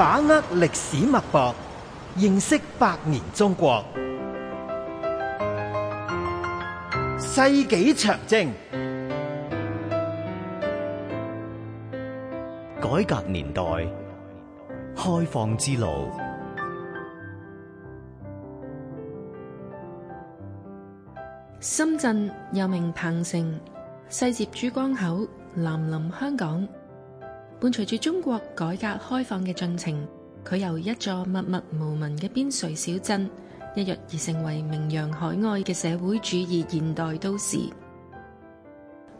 把握歷史脈搏，認識百年中國。世紀長征，改革年代，開放之路。深圳又名鵬城，西接珠江口，南臨香港。伴隨住中國改革開放嘅進程，佢由一座默默無聞嘅邊陲小鎮，一躍而成為名揚海外嘅社會主義現代都市。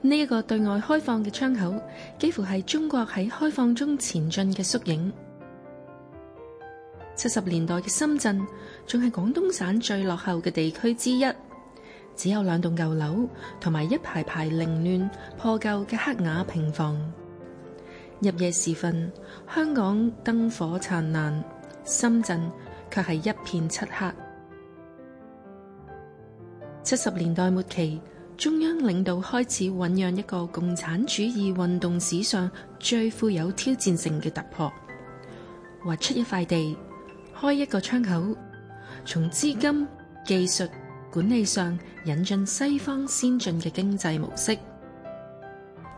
呢、這、一個對外開放嘅窗口，幾乎係中國喺開放中前進嘅縮影。七十年代嘅深圳，仲係廣東省最落後嘅地區之一，只有兩棟舊樓同埋一排排凌亂破舊嘅黑瓦平房。入夜時分，香港燈火燦爛，深圳卻係一片漆黑。七十年代末期，中央領導開始醖釀一個共產主義運動史上最富有挑戰性嘅突破，劃出一塊地，開一個窗口，從資金、技術、管理上引進西方先進嘅經濟模式。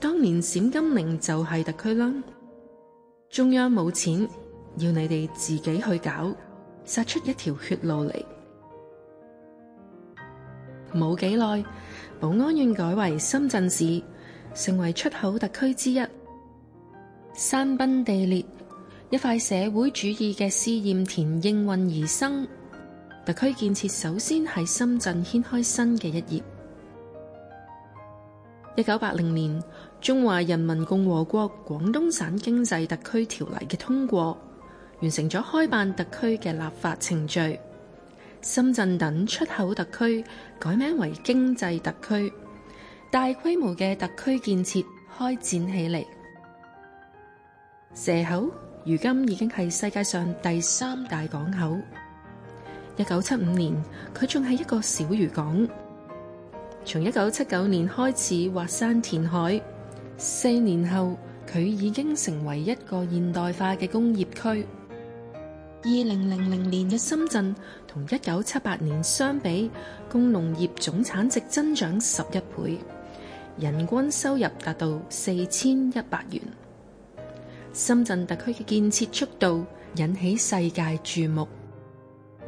當年閃金寧就係特區啦，中央冇錢，要你哋自己去搞，殺出一條血路嚟。冇幾耐，寶安縣改為深圳市，成為出口特區之一。山崩地裂，一塊社會主義嘅試驗田應運而生。特區建設首先喺深圳掀開新嘅一頁。一九八零年，《中華人民共和國廣東省經濟特區條例》嘅通過，完成咗開辦特區嘅立法程序。深圳等出口特區改名為經濟特區，大規模嘅特區建設開展起嚟。蛇口如今已經係世界上第三大港口。一九七五年，佢仲係一個小漁港。從一九七九年開始挖山填海，四年後佢已經成為一個現代化嘅工業區。二零零零年嘅深圳，同一九七八年相比，工農業總產值增長十一倍，人均收入達到四千一百元。深圳特區嘅建設速度引起世界注目，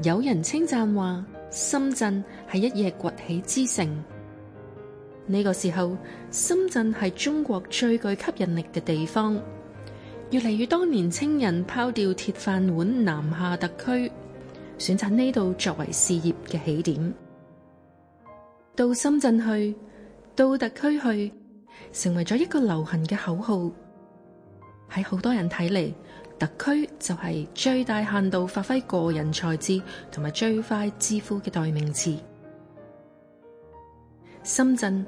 有人稱讚話：深圳係一夜崛起之城。呢個時候，深圳係中國最具吸引力嘅地方，越嚟越多年青人拋掉鐵飯碗，南下特區，選擇呢度作為事業嘅起點。到深圳去，到特區去，成為咗一個流行嘅口號。喺好多人睇嚟，特區就係最大限度發揮個人才智同埋最快致富嘅代名詞。深圳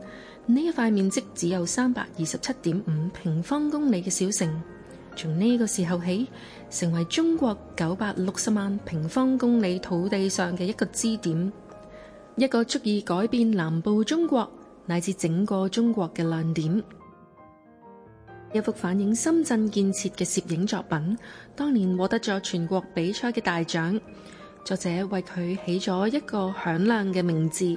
呢一塊面積只有三百二十七點五平方公里嘅小城，從呢個時候起，成為中國九百六十萬平方公里土地上嘅一個支點，一個足以改變南部中國乃至整個中國嘅亮點。一幅反映深圳建設嘅攝影作品，當年獲得咗全國比賽嘅大獎，作者為佢起咗一個響亮嘅名字。